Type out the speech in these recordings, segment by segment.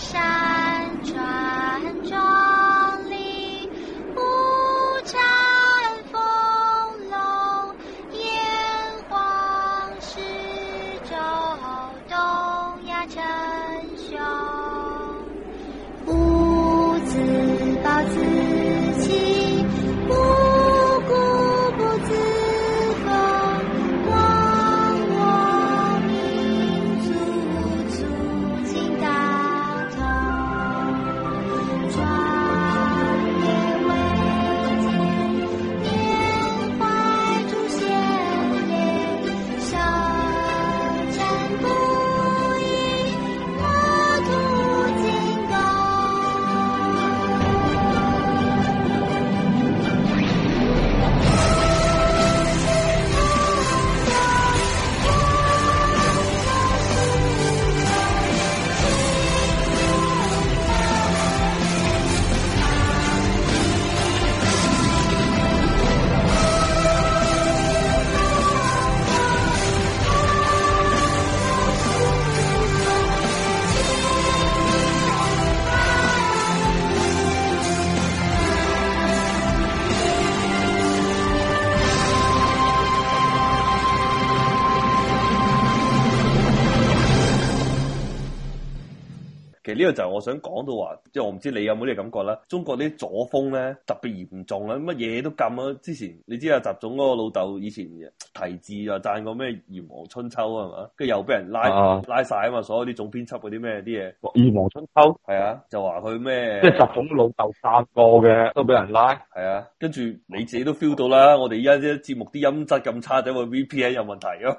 沙。其實呢個就係我想講到話，即係我唔知你有冇呢感覺啦。中國啲左風咧特別嚴重啦，乜嘢都禁啦。之前你知啊，習總嗰個老豆以前提字啊，讚過咩《炎黃春秋》啊嘛，跟住又俾人拉拉曬啊嘛，所有啲總編輯嗰啲咩啲嘢《炎黃春秋》係啊，就話佢咩即係習總老豆贊過嘅都俾人拉。係啊，跟住你自己都 feel 到啦。我哋依家啲節目啲音質咁差，點解 VPN 有問題啊？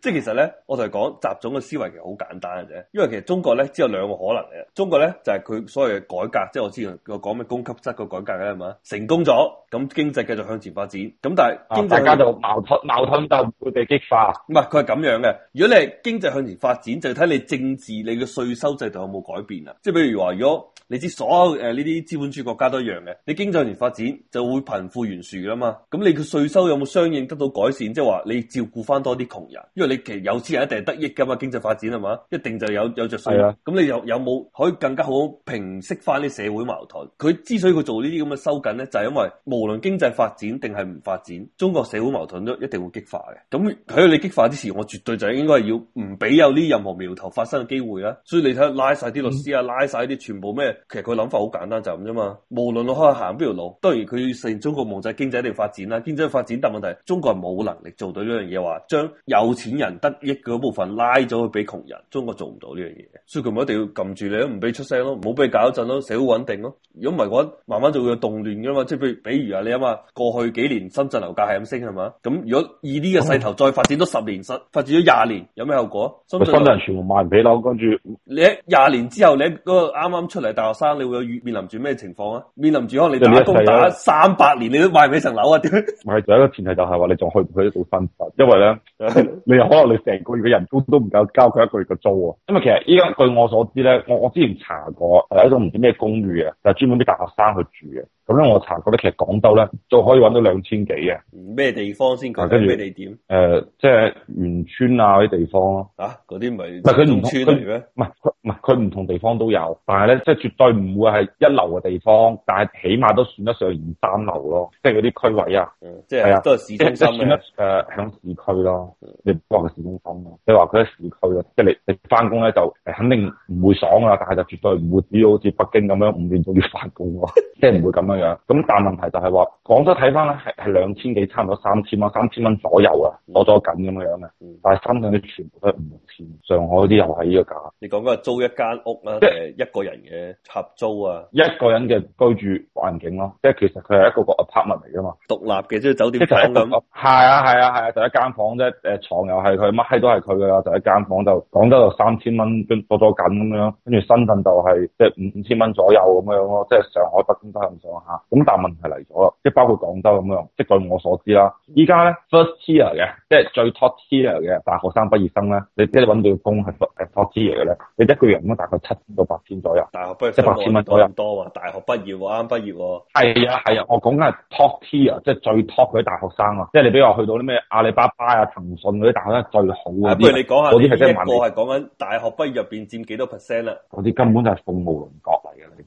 即係其實呢，我就係講習總嘅思維其實好簡單嘅啫，因為其實中國呢，只有兩個可能嘅，中國呢，就係、是、佢所謂嘅改革，即係我之前我講咩供給側嘅改革係咪成功咗？咁經濟繼續向前發展，咁但係、啊、大家就矛盾，矛盾就會被激化。唔係，佢係咁樣嘅。如果你係經濟向前發展，就睇你政治你嘅稅收制度有冇改變啊？即係比如話，如果你知所有誒呢啲資本主義國家都一樣嘅，你經濟向前發展就會貧富懸殊啦嘛。咁你嘅稅收有冇相應得到改善？即係話你照顧翻多啲窮人，因為你其實有錢人一定係得益噶嘛。經濟發展係嘛，一定就有有着稅。係啊。咁你又有冇可以更加好平息翻啲社會矛盾？佢之所以佢做呢啲咁嘅收緊咧，就係、是、因為無論經濟發展定係唔發展，中國社會矛盾都一定會激化嘅。咁喺你激化之前，我絕對就應該要唔俾有呢任何苗頭發生嘅機會啊。所以你睇下，拉晒啲律師啊，拉晒啲全部咩？其實佢諗法好簡單就咁啫嘛。無論你開行邊條路，當然佢要實現中國夢就係經濟一定發展啦、啊。經濟發展，但問題中國係冇能力做到呢樣嘢，話將有錢人得益嗰部分拉咗去俾窮人，中國做唔到呢樣嘢。所以佢咪一定要撳住你，唔俾出聲咯，唔好俾搞震咯，社會穩定咯。如果唔係嘅話，慢慢就會有動亂噶嘛。即係譬如，比你啊嘛，過去幾年深圳樓價係咁升係嘛？咁如果以呢個勢頭再發展咗十年，十、嗯、發展咗廿年，有咩後果啊？深圳人全部賣唔起樓，跟住你喺廿年之後，你喺嗰個啱啱出嚟大學生，你會有面臨住咩情況啊？面臨住可能你打工你打三百年，你都賣唔起層樓啊？點？唔係，仲有一個前提就係話你仲去唔去得到分房？因為咧， 你又可能你成個月嘅人工都唔夠交佢一個月嘅租啊！因為其實依家據我所知咧，我我之前查過係一種唔知咩公寓啊，就係、專門俾大學生去住嘅。咁咧，我查過咧，其實廣州咧就可以揾到兩千幾嘅。咩地方先講？咩地點？誒、呃，即、就、係、是、員村啊啲地方咯。啊，嗰啲咪？唔係佢員村都係咩？唔係，唔係佢唔同地方都有，但係咧，即係絕對唔會係一流嘅地方，但係起碼都算得上二三流咯。即係嗰啲區位啊，嗯、即係、啊、都係市中心嘅。誒，響、呃、市區咯，你話市中心咯、啊，你話佢喺市區啊。即係你你翻工咧就肯定唔會爽啊，但係就絕對唔會只要好似北京咁樣五點鐘要翻工，即係唔會咁樣。 咁但係問題就係話廣州睇翻咧係係兩千幾差唔多三千蚊三千蚊左右啊攞咗緊咁樣嘅，但係深圳啲全部都係五六千，上海啲又係呢個價。你講嘅係租一間屋啦、啊，係一個人嘅合租啊，一個人嘅居住環境咯，即係其實佢係一個個 apartment 嚟㗎嘛，獨立嘅即係酒店房咁咯。係啊係啊係啊,啊,啊，就是、一間房啫，誒床又係佢，乜閪都係佢㗎啦，就是、一間房就廣州就三千蚊跟攞咗緊咁樣，跟住深圳就係即係五五千蚊左右咁樣咯，即係上海、北京都係咁上啊，咁但係問題嚟咗即係包括廣州咁樣，即係據我所知啦。依家咧，first tier 嘅，即係最 top tier 嘅大學生畢業生咧，你你揾到嘅工係 top t tier 嘅咧，你一個月咁樣大概七到八千左右，大學畢業即八千蚊左右多喎，大學畢業喎，啱畢業喎。係啊係啊，我講緊係 top tier，即係最 top 嗰啲大學生啊，即係你比如話去到啲咩阿里巴巴啊、騰訊嗰啲大學咧最好啊。不譬如你講下，我啲係即係萬，一講緊大學畢業入邊佔幾多 percent 啲根本就係鳳毛麟角。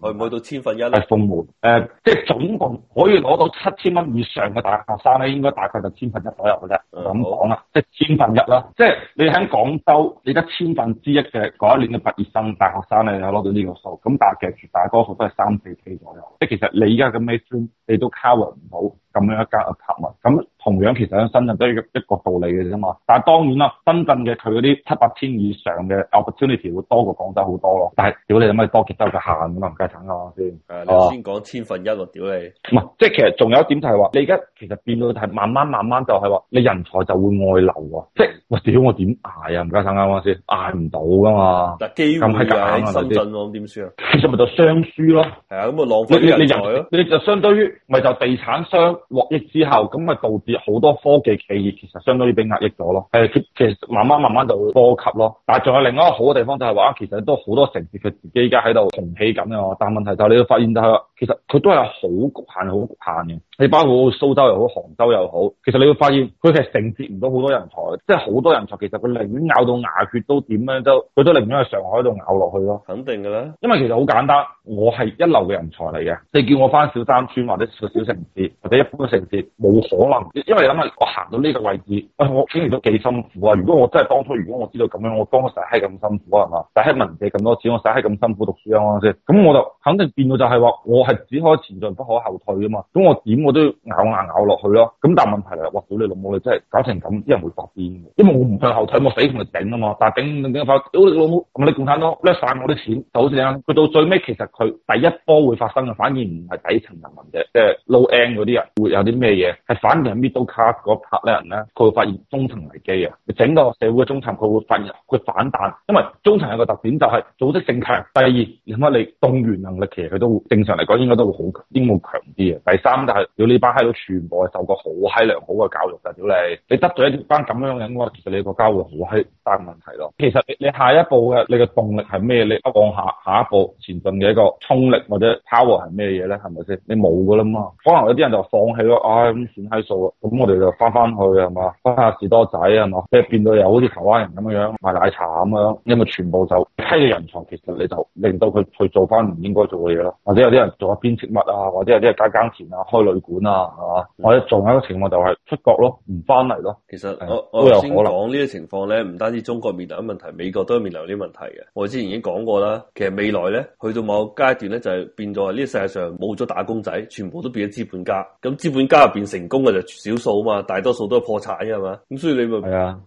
去唔去到千分一咧？奉門誒、呃，即係總共可以攞到七千蚊以上嘅大學生咧，應該大概就千分一左右嘅啫。咁我講啦，即係、嗯、千分一啦。嗯、即係你喺廣州，你得千分之一嘅嗰一年嘅畢業生大學生咧，有攞到呢個數。咁但係其實絕大多數都係三四 K 左右。即係其實你而家嘅咁 a 先，你都 cover 唔到。咁樣一間嘅客戶，咁同樣其實喺深圳都係一個道理嘅啫嘛。但係當然啦，深圳嘅佢嗰啲七八千以上嘅 opportunity 會,會多過廣州好多咯。但係屌你做乜多幾多個限咁嘛，唔計產噶嘛先。誒、啊，嗎你先講千分一咯，屌你。唔係，即係其實仲有一點就係話，你而家其實變到係慢慢慢慢就係話，你人才就會外流、就是哎、啊。即係我屌我點捱啊？唔計產啱唔啱先？捱唔到噶嘛。但係機會喺深圳咯，點算啊？其實咪就雙輸咯。係啊，咁啊浪費人才咯。你就相當於咪就地產商。獲益之後，咁咪導致好多科技企業其實相當於被壓抑咗咯。誒，其其實慢慢慢慢就會波及咯。但係仲有另一個好嘅地方就係話，其實都好多城市佢自己而家喺度雄起緊啊。但係問題就係你會發現就係，其實佢都係好局限、好局限嘅。你包括蘇州又好，杭州又好，其實你會發現佢其實承接唔到好多人才，即係好多人才其實佢寧願咬到牙血都點樣他都，佢都寧願喺上海度咬落去咯。肯定嘅啦，因為其實好簡單，我係一流嘅人才嚟嘅，你叫我返小三村或者小城市、嗯、或者一般嘅城市，冇可能，因為諗下我行到呢個位置，哎、我經歷都幾辛苦啊！嗯、如果我真係當初，如果我知道咁樣，我當初使閪咁辛苦係、啊、嘛？使閪唔借咁多錢，我使閪咁辛苦讀書啊嘛先，咁我就肯定變到就係話，我係只可以前進不可後退啊嘛。咁我點我？都要咬牙咬落去咯，咁但係問題嚟啦，哇！屌你老母你真係搞成咁，啲人會發癲嘅。因為我唔向後退，我死同你頂啊嘛！但係頂頂一屌你老母，咁你共產黨甩曬我啲錢，就好似咧，佢到最尾其實佢第一波會發生嘅，反而唔係底層人民嘅，即係 low end 嗰啲人會有啲咩嘢，係反而係 middle class 嗰 part 咧人咧，佢會發現中層危機啊！整個社會嘅中層佢會發現佢反彈，因為中層有個特點就係組織性強，第二什麼你動員能力其實佢都正常嚟講應該都會好應該會強啲啊。第三就係。但要呢班閪佬全部係受過好閪良好嘅教育嘅，屌你。你得罪一班咁樣樣嘅人，其實你國家會好閪大問題咯。其實你，你下一步嘅你嘅動力係咩？你望下下一步前進嘅一個衝力或者 power 係咩嘢咧？係咪先？你冇噶啦嘛？可能有啲人就放棄咯，唉、哎、咁算閪數啊，咁我哋就翻返去係嘛，翻下士多仔係嘛，即係變到又好似台灣人咁樣樣賣奶茶咁樣，因為全部就批嘅人才，其實你就令到佢去做翻唔應該做嘅嘢咯。或者有啲人做下編輯物啊，或者有啲人加耕田啊，開管啊，係、啊、嘛？我哋仲有一個情況就係出國咯，唔翻嚟咯。其實我我頭先講呢啲情況咧，唔單止中國面臨嘅問題，美國都係面臨呢啲問題嘅。我哋之前已經講過啦。其實未來咧，去到某個階段咧，就係、是、變咗呢個世界上冇咗打工仔，全部都變咗資本家。咁資本家入邊成功嘅就少數啊嘛，大多數都係破產嘅係嘛。咁所以你咪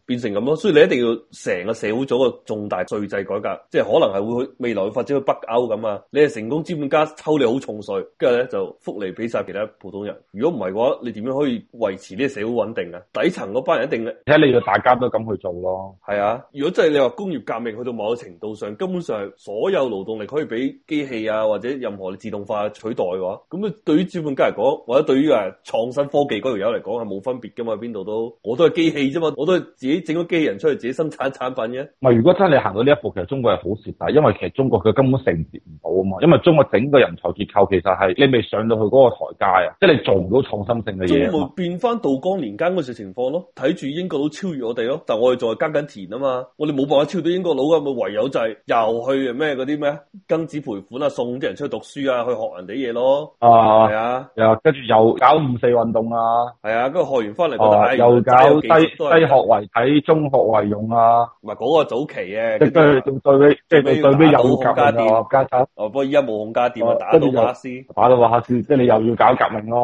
變成咁咯。的所以你一定要成個社會做個重大稅制改革，即、就、係、是、可能係會去未來去發展去北歐咁啊。你係成功資本家抽你好重稅，跟住咧就福利俾晒其他普通。如果唔係嘅話，你點樣可以維持呢個社會穩定啊？底層嗰班人一定嘅，睇你要大家都咁去做咯。係啊，如果真係你話工業革命去到某個程度上，根本上所有勞動力可以俾機器啊或者任何自動化取代嘅話，咁啊對於資本家嚟講，或者對於啊創新科技嗰條友嚟講係冇分別嘅嘛，邊度都我都係機器啫嘛，我都係自己整咗機器人出去自己生產產品嘅。唔係，如果真係你行到呢一步，其實中國係好蝕底，因為其實中國佢根本承接唔到啊嘛，因為中國整個人才結構其實係你未上到去嗰個台階啊，即係你。做唔到創新性嘅嘢，變翻道光年間嗰時情況咯。睇住英國佬超越我哋咯，但係我哋仲係耕緊田啊嘛。我哋冇辦法超越英國佬咁，咪唯有就係又去咩嗰啲咩啊，庚子賠款啊，送啲人出去讀書啊，去學人哋嘢咯。啊，係啊，又跟住又搞五四運動啊。係啊，跟住學完翻嚟又打，又搞低低學為體，中學為用啊。唔係嗰個早期嘅，即係對對，即係對對咩？又革命哦，不過而家冇孔家店啊，打到馬斯，打到馬斯，即係你又要搞革命咯。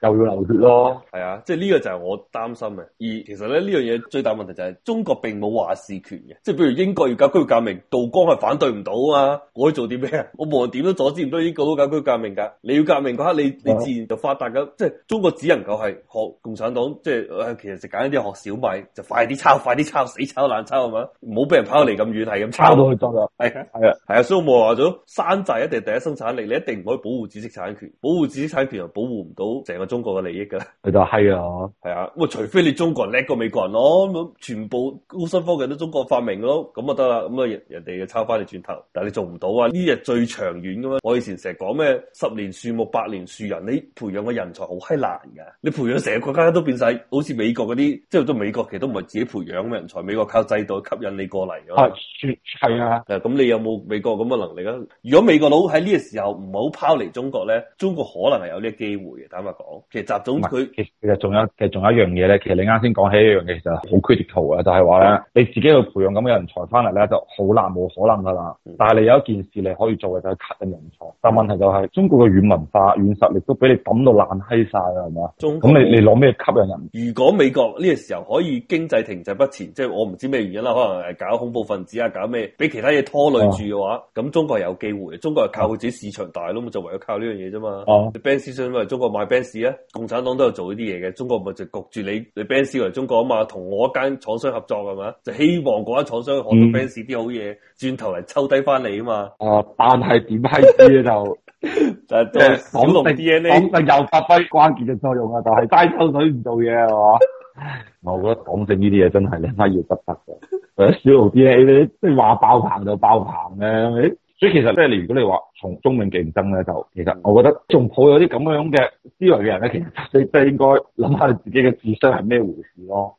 又要流血咯，係啊，即係呢個就係我擔心嘅。而其實咧呢樣嘢、這個、最大問題就係、是、中國並冇話事權嘅，即係譬如英國要搞工業革命，道光係反對唔到啊，我可以做啲咩啊？我無論點都阻止唔到英國都搞工業革命噶。你要革命嘅話，你你自然就發達㗎，即係、啊、中國只能夠係學共產黨，即係其實就揀啲嘢學小米，就快啲抄，快啲抄，死抄爛抄係嘛，唔好俾人拋離咁遠，係咁抄到去咗啦。係啊，係啊的，係啊的，所以我冇話咗山寨一定係第一生產力，你一定唔可以保護知識產權，保護知識產權又保護唔到成個。中國嘅利益㗎，佢就係啊，係啊，哇！除非你中國人叻過美國人咯，咁全部高新科技都中國發明咯，咁啊得啦，咁啊人哋就抄翻你轉頭，但係你做唔到啊！呢日最長遠咁啊，我以前成日講咩十年樹木百年樹人，你培養個人才好閪難㗎，你培養成個國家都變晒， 好似美國嗰啲，即係都美國其實都唔係自己培養嘅人才，美國靠制度吸引你過嚟啊，係，啊，咁你有冇美國咁嘅能力啊？如果美國佬喺呢個時候唔好拋離中國咧，中國可能係有呢個機會嘅，坦白講。其實習總佢其實仲有其實仲有一樣嘢咧，其實你啱先講起一樣嘢，其實好 critical 啊，就係話咧，你自己去培養咁嘅人才翻嚟咧，就好難，冇可能噶啦。但係你有一件事你可以做嘅就係吸引人才，但係問題就係中國嘅軟文化、軟實力都俾你抌到爛閪晒啦，係嘛？咁你你攞咩吸引人？如果美國呢個時候可以經濟停滯不前，即係我唔知咩原因啦，可能係搞恐怖分子啊，搞咩俾其他嘢拖累住嘅話，咁中國係有機會。中國係靠自己市場大咯，咁就唯有靠呢樣嘢啫嘛。哦，你 ban season 咪中國買 ban 市啊？共產黨都有做呢啲嘢嘅，中國咪就焗住你你 Benz 嚟中國啊嘛，同我一間廠商合作係嘛？就希望嗰間廠商學到 Benz 啲好嘢，轉、嗯、頭嚟抽低翻嚟啊嘛。啊，但係點解啲嘢就就即係港龍式 DNA 又發揮關鍵嘅作用啊，就係齋抽水唔做嘢係嘛？ 我覺得港城呢啲嘢真係乜嘢不得嘅，誒、 啊，小號 DNA 咧即係話爆棚就爆棚嘅、啊。所以其實咧，如果你話從中面競爭呢，就其實我覺得仲抱有啲咁樣嘅思維嘅人呢，其實你真係應該諗下你自己嘅智商係咩回事囉。